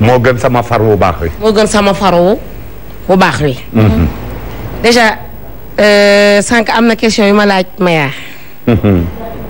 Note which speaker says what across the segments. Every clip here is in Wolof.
Speaker 1: moo gën sama far wu baax wi. moo gën sama far wu bu baax wi. Mm-hmm. déjà euh, sànq am na question yu ma laaj Maya. Mm-hmm.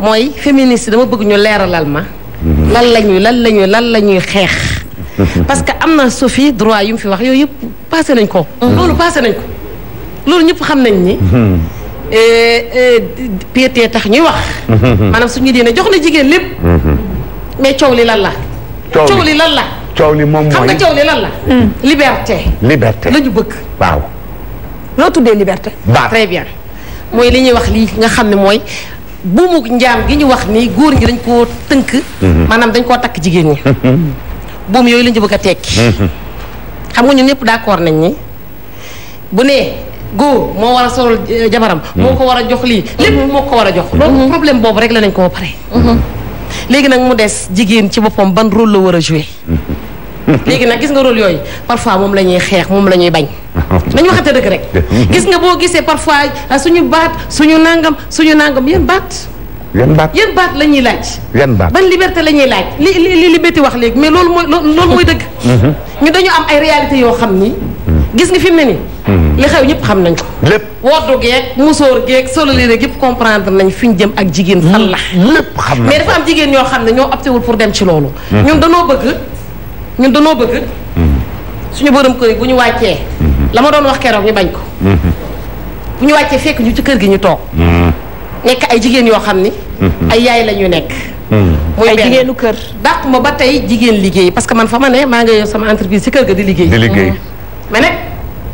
Speaker 1: mooy féministe dama bëgg ñu leeralal ma. Mm-hmm. lan la ñuy lan la lan la ñuy xeex. parce que am na Sophie droit yu mu fi wax yooyu yëpp passé nañ ko. loolu passé nañ ko loolu ñëpp xam nañ ni. Euh, euh, piété tax ñuy wax. maanaam suñu diine jox na jigéen lépp. mais coow li lan la. coow li lan la. coow li moom mooy xam nga coow li lan la. Hmm. liberté. liberté la ñu bëgg. waaw. loo tuddee liberté. waaw très bien mooy li ñuy wax lii nga xam ne mooy buumug njaam gi ñu wax nii góor ñi dañ koo tënk. Hmm. maanaam dañ koo takk jigéen ñi. buum yooyu la ñu bëgg a tekki. Hmm. xam nga ñun ñëpp d'accord nañ ni bu nee góor moo war a solal euh, jabaram. moo ko war a jox lii lépp moo ko war a jox. loolu problème boobu rek la nañ ko ba pare. léegi nag mu des jigéen ci boppam ban rol la war a jouer. léegi nag gis nga rôle yooyu parfois moom la ñuy xeex moom la ñuy bañ. dañu waxante dëgg rek. gis nga boo gisee parfois ah, suñu baat suñu nangam suñu nangam yéen baat. yan baat yan baat la ñuy laaj. ba baat ban liberté la ñuy laaj li li liberté wax léegi mais loolu mooy loolu mooy dëgg. Mm-hmm. ñu dañu am ay réalité yoo xam ni. Mm-hmm. gis nga fi mu ne nii. Mm-hmm. li xew ñëpp xam nañ ko. lépp woddu geeg musóor geeg solo léeg yëpp comprendre nañ fi ñu jëm ak jigéen fan la. lépp xam na mais dafa am jigéen ñoo xam ne ñoo opté wul pour dem ci loolu. ñun danoo bëgg suñu borom kër yi bu ñu wàccee la ma doon wax keroog ñu bañ ko bu ñu wàccee fekk ñu ci kër gi ñu toog nekk ay jigéen yoo xam ni ay yaay la nekk mooy ay jigéenu kër dàq ma ba tey jigéen liggéey parce que man fa ma ne maa ngi yor sama entreprise ci kër ga di liggéey di liggéey mm-hmm. mais nag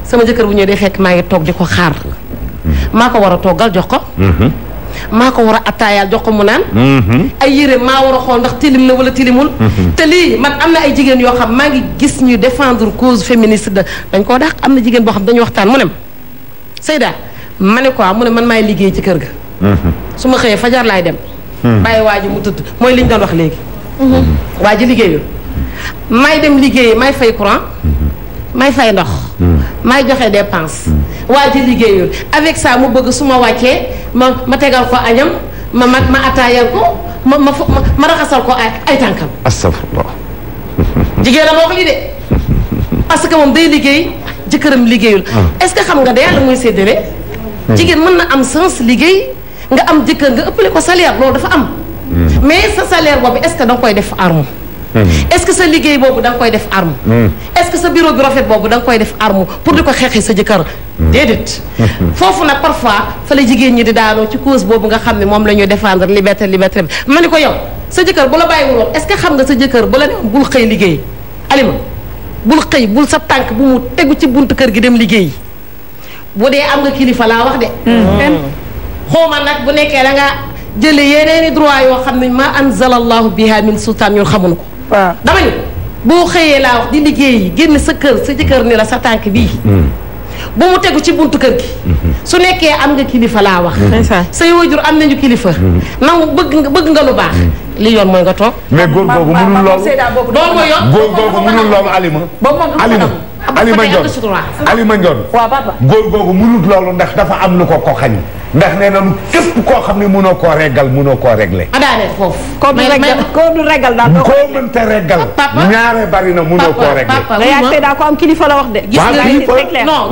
Speaker 1: sama jëkkër bu ñëwee day fekk maa ngi toog di ko xaar mm-hmm. maa ko war a toggal jox ko mm-hmm. maa ko war a attaayaal jox ko mu naan mhm. ay yére maa war a xool ndax tilim na wala tilimul mhm. te lii man am na ay jigéen yoo xam maa ngi gis ñuy défendre cause féministe da dañ koo dàq am na jigéen boo xam dañu waxtaan mu ne Seyda ma ne quoi mu ne man maay liggéey ci kër ga mhm. su ma xëyee fajar laay dem bàyyi waa ji mu tëdd mooy liñ doon wax léegi waa ji liggéeyul may dem liggéeyi may fay courant may fay ndox may joxe dépense waa ji liggéeyul avec saa mu bëgg suma wàccee ma ma tegal ko añam ma ma ma attaayal ko ma ma ma raxasal ko ay tànkam. astafurlah. jigéen la moo ko lii de parce que moom day liggéey jëkkëram liggéeyul. Ah. est-ce que xam nga de yàlla muy séddale. Hmm. jigéen mën na am sens liggéey nga am jëkkër nga ëppale ko salaire loolu dafa am. Hmm. mais sa salaire boobu est-ce que danga koy def arme. Mm. est-ce que sa liggéey boobu da koy def arme. Mm. est-ce que sa bureau bi rafet boobu da koy def arme pour di ko xeexi sa jëkkër. Mm. déedéet. Mm-hmm. foofu nag parfois fa la jigéen ñi di daanoo ci cause boobu nga xam ne moom la ñuy défendre liberté liberté ma ni ko yow sa jëkkër bu la bàyyiwuloon est-ce que xam nga sa jëkkër bu la newoon bul xëy liggéey alima bul xëy bul sa tànk bu mu tegu ci buntu kër gi dem liggéey bu dee am nga kilifa laa wax de. Mm-hmm. xawma nag bu nekkee da nga jëlee yeneen i droit yoo xam ne ma anzalallahu biha min sultaan ñun xamuñu ko. waaw dama ni boo xëyee laa wax di liggéeyi génn sa kër sa jëkkër ni la sa tànk bii. Hmm. bu mu tegu ci buntu kër gi. Hmm. su nekkee am nga kilifa laa wax. Hmm. say waajur am nañu kilifa. nangu bëgg nga bëgg nga lu baax. li yoon mooy nga toog. mais góor googu mënul lool lool mooy yoon. góor googu mënul lool alima. alima alima Ndione alima Ndione. waaw papa góor googu mënul loolu ndax dafa am lu ko ko xañ. ndax nee nañu képp koo xam ne mënoo koo régal munoo koo réglé. ma daaneel foofu. koo du régal koo du régal daal na mënoo koo réglé. ko am kilifa la wax de. gis nga li non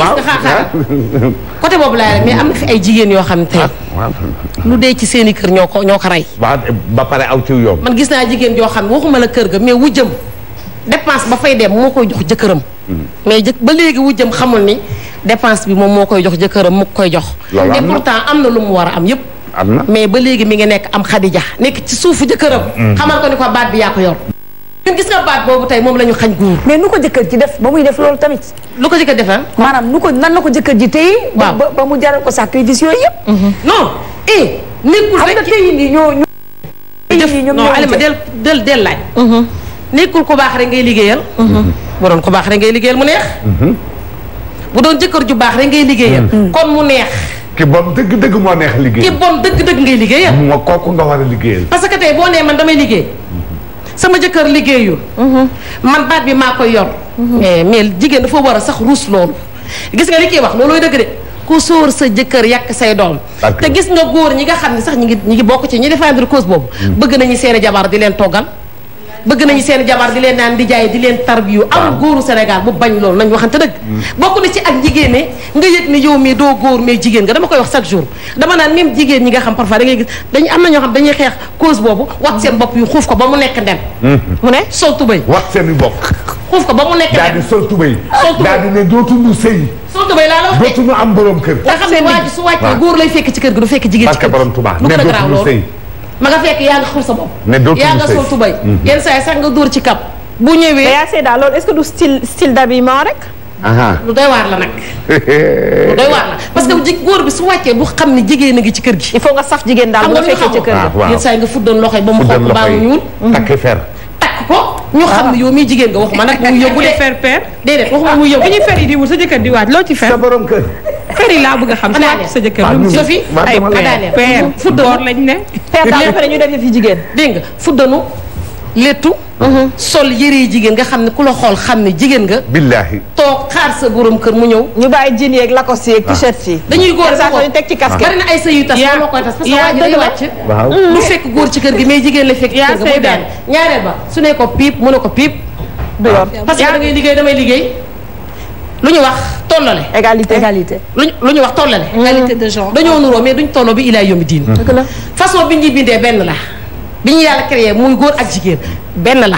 Speaker 1: côté boobu laa rek mais am na fi ay jigéen yoo xam te ah, lu dee ci seen i kër ñoo ko ñoo ko rey. ba pare aw ci yoon. man gis naa jigéen yoo xam ne waxuma la kër ga mais wujjam dépense ba fay dem moo koy jox jëkkëram. Mm. mais ba léegi wujjam xamul ni dépense bi moom moo koy jox jëkkëram mu koy jox. te pourtant am na lu mu war a am yëpp. am na mais ba léegi mi ngi nekk am xadija nekk ci suuf jëkkëram. Mm. xamal ko ni ko baat bi yaa ko yor. gis nga baat boobu tey moom la ñu xañ góor. mais nu ko jëkkër ji def ba muy def loolu tamit. lu ko jëkkër defee. Ah? maanaam nu ko nan la ko jëkkër ji téye. waaw ba ba mu jaral ko sacrifice yooyu yëpp. Mm-hmm. non eh. nekkul rek xam nga tey nii ñoo ñoo. def non Alima del del del laaj. Mm-hmm. nekkul ku baax rek ngay liggéeyal. mu mm-hmm. doon baax rek ngay liggéeyal mu neex. bu doon jëkkër ju baax rek ngay liggéeyal. Hmm. Hmm. kon mu neex. ki bon dëgg dëgg moo neex liggéey. ki bon dëgg dëgg ngay liggéeyal. moo kooku nga war a liggéeyal. parce que tey boo nee man damay liggéey. Hmm. sama jëkkër liggéeyu. man baat bi maa koy yor. mais mais jigéen dafa war a sax ruus loolu. gis nga li kii wax loolooy dëgg de ku sóor sa jëkkër yàq say doom. te gis nga góor ñi nga xam ne sax ñi ngi ñi ngi bokk ci ñi défendre cause boobu. bëgg nañu seeni jabar di leen toggal. bëgg nañu seen jabar di leen naan di jaay di leen tarbiyu amul góoru Sénégal bu bañ loolu nañ waxante dëgg mm. bokk na ci ak jigéen ne nga yëg ne yow mii doo góor mais jigéen nga dama koy wax chaque jour dama naan même jigéen ñi nga xam parfois da ngay gis am na ñoo xam dañuy xeex cause boobu wat seen bopp yu xuuf ko ba mu nekk ndem mm-hmm. mu ne sol tubay wat seen bopp xuuf ko ba mu nekk daal di sol tubay daal di ne dootuñu sëy sol tubay laa la wax dootuñu am borom kër nga xam ne waa ji su wàccee góor lay fekk ci kër a garaaw ma nga fekk yaa nga xam sa bopp. ne dootul yaa nga sol tubay. yenn mhm. sax nga dóor ci kap bu ñëwee mais yaa seeda loolu est-ce que du style style d'habillement rek. lu doy waar la nag. lu doy parce que ji góor bi su wàccee bu xam ne jigéen a ngi ci kër gi. il foog nga saf jigéen daal boo fekkee ci kër gi ah, yenn saa yi nga fuddoon loxo yi ba mu xonk baa mu ñuul. Mm. takk fer. takk ko ñu xam ah. ne yow mii jigéen nga waxuma nag muy yóbbu de fer per déedéet waxuma muy yóbbu. bi ñu fer yi di wut sa jëkkër di waaj loo ci fer sa kër kër yi laa bëgg a xam. sa jëkkër lu ci ay peer fuddanu lañ ne. peer daal ñu def fi jigéen. dégg nga fuddanu léttu. Mhm. sol yëre yi jigéen nga xam ne ku la xool xam ne jigéen nga. billaahi toog xaar sa borom kër mu ñëw. ñu bàyyi jean yeeg lacoste yeeg ah. t-shirt yi. dañuy góor sax ñu teg ci casque. bari na ay sëy yu tas yaa koy lu mm. fekk góor ci kër gi mais jigéen la fekk. yaa sëy daan ñaareel ba su ne ko piip mu ne ko piip. parce que da ngay liggéey damay liggéey lu ñu wax tollale. égalité égalité. lu ñu wax tollale. égalité de genre dañoo nuroo mais duñ tolloo bi ilaa yombi diin. façon bi ñuy bindee benn la. bi ñu yàlla créé muy góor ak jigéen benn la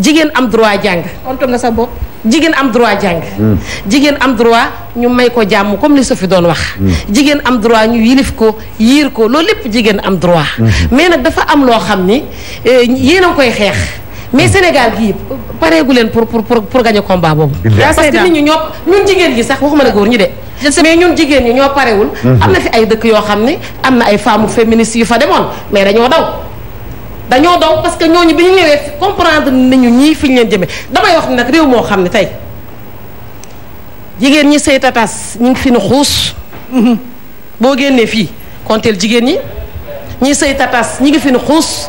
Speaker 1: jigéen am droit jàng. kontoon na sa bopp. jigéen am droit jàng. Hmm. jigéen am droit ñu may ko jàmm comme li fi doon wax. Hmm. jigéen am droit ñu yilif ko yiir ko loolu lépp jigéen am droit. Hmm. mais nag dafa am loo xam ni eh, yéen a koy xeex. mais Sénégal gii pareegu leen pour pour pour pour gagner combat boobu. parce que nit ñi ñoo ñun jigéen ñi sax waxuma la góor ñi de. mais ñun jigéen ñi ñoo parewul. Mhm. am na fi ay dëkk yoo xam ne am na ay femmes féministes yu fa demoon mais dañoo daw. dañoo daw parce que ñooñu bi ñu ñëwee comprendre nañu ñii fi ñu leen jëmee damay wax ne nag réew moo xam ne tey jigéen ñi say tatas ñu ngi fi nu xuus. Mhm. boo génnee fii konteel jigéen ñi ñi sëy tatas ñi ngi fi nu xuus.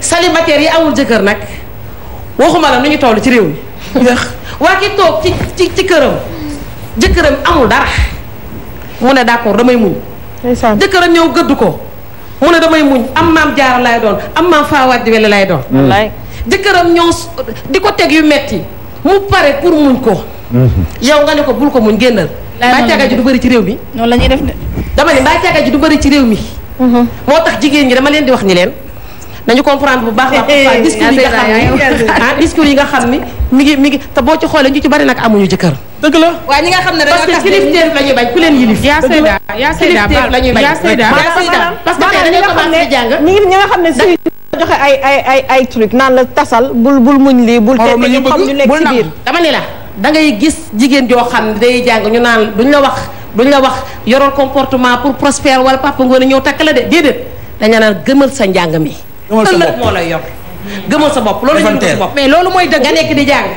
Speaker 1: célibataire yi amul jëkkër nag waxuma la nu ñu toll ci réew mi waa ki toog ci ci ci këram jëkkëram amul dara mu ne d'accord damay muñ jëkkëram ñëw gëdd ko mu ne damay muñ am maam jaara lay doon am maam faawaat di wele lay doon hmm. jëkkëram ñoo di ko teg yu metti mu pare pour muñ ko hmm. yow nga ne ko bul ko muñ génnal mbaa càgga ji du bari ci réew mi noonu la ñuy def dama ne mbaa càgga ji du bari ci réew mi hmm. moo tax jigéen ñi dama leen di wax ni leen nañu comprendre bu baax la eh, eh, ah, discours yi nga xam ni mi ngi mi ngi te boo ci xoolee ñu ci bari nag amuñu jëkkër. dëgg la waaw ñi nga xam ne dañoo parce que kilifteef la ñuy bañ ku leen yilif. yaa Seyda yaa Seyda la ñuy bañ yaa Seyda parce que jàng ñi nga xam ne si joxe ay ay ay ay naan la tasal bul bul muñ lii bul tete ñu xam ñu nekk ci biir dama ni la da ngay gis jigéen joo xam ne day jàng ñu naan duñ la wax duñ la wax yoroon comportement pour prospère wala papa ngoone ñëw takk la de déedéet dañu naan gëmal sa njàng mi ëllëg moo lay yor gëmal sa bopp loolu ñu sa bopp mais loolu mooy dëgg nga nekk di jàng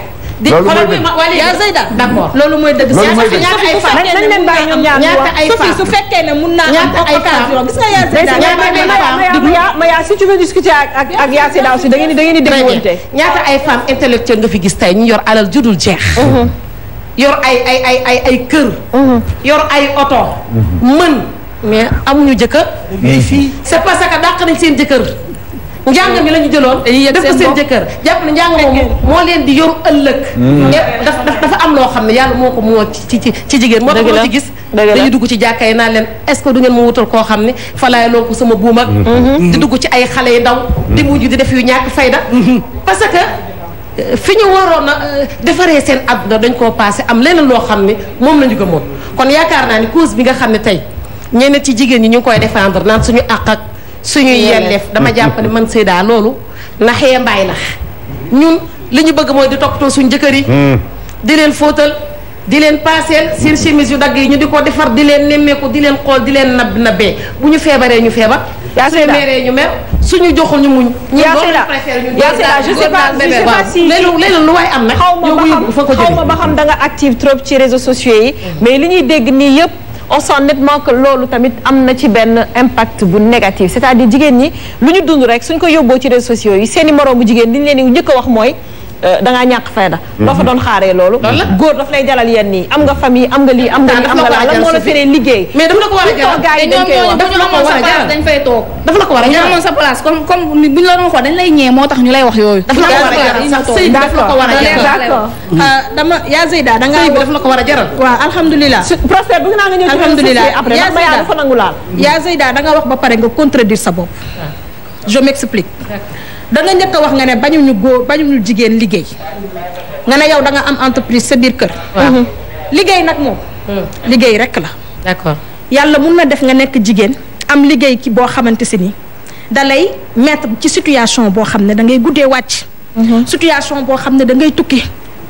Speaker 1: loolu mooy dëgg yaa Zeyda d'accord loolu mooy dëgg ñaata ay femme nañ leen bàyyi ñoom ñaar ñaata ay su fekkee ne mun naa am occasion gis nga ay femme ma yaa fi gis tey ñu yor alal judul jeex mhm. yor ay ay ay ay ay kër mhm. yor ay oto mhm. mën mais amuñu jëkkër c'est parce a dàq nañ seen jëkkër njàng mi la ñu jëloon def ko seen jëkkër jàpp na njàng moom moo leen di yor ëllëg hmm. daf dafa am loo xam ne yàlla moo ko moo ci ci ci jigéen moo tax loo gis dañuy dugg ci jàkka yi naan leen est que du ngeen koo xam ne falaay loo ko sama buum ak hmm. Hmm. dugg ci ay xale yu ndaw di mujj di def yu ñàkk fayda parce que euh, fi ñu waroon euh, defaree seen àdduna dañ koo passé am leneen loo xam ne moom la ñu gëmoon kon yaakaar naa ni cause bi nga xam ne tey ñenn ci jigéen ñi ñu ngi koy défendre naan suñu àq ak suñuy yelleef dama jàpp ne man Seyda loolu naxee mbaay nax ñun li ñu bëgg mooy di toppatoo suñu jëkkër yi hmm. di leen fóotal di leen paaseel seen chemise yu dagg yi ñu di ko defar di leen nemmeeku di leen xool di leen nab nabbee bu ñu feebaree ñu feebar suñu meeree ñu mer suñu ñu muñ yaa Seyda yaa Seyda je sais pas lu waay am na xaw ma ba xam xaw xam da nga active trop ci réseaux sociaux yi hmm. mais li ñuy dégg nii yëpp on sent nettement que loolu tamit am na ci benn impact bu négatif c'est-à-dire jigéen ñi lu ñu dund rek suñ ko yóbboo ci réseaux sociaux yi seen i moroomu jigéen li ñu leen di njëkk a wax mooy Euh, da ngaa ñàkk fayda doo fa mhm. doon xaaree loolu góor daf lay jalal yenn nii am nga famille am nga lii am nga lii am nga laa lan moo la feree liggéey mais dafa la ko war a jaral gars yi dañ koy wax dafa la ko war a jaral dañ fay toog dafa la ko war a jaral ñoo amoon sa place comme comme bu ñu la doon xool dañ lay ñee moo tax ñu lay wax yooyu dafa la ko war a jaral sëy bi dafa la ko war a jaral euh, dama yaa Zeyda da nga sëy bi dafa la ko war a jaral waaw alhamdulilah prospère bëgg naa nga ñëw alhamdulilah après ma yaa dafa nangu laal yaa Zeyda da nga wax ba pare nga contredire sa bopp ah. je m'explique da nga njëkk wax nga ne bañuñu góor bañuñu jigéen liggéey nga ne yow da nga am entreprise sa biir kër. Mhm. liggéey nag moom. Hmm. liggéey rek la. d'accord yàlla mun na def nga nekk jigéen am liggéey ki boo xamante si ni da lay mettre ci situation boo xam ne da ngay guddee wàcc. Mhm. situation boo xam ne da ngay tukki.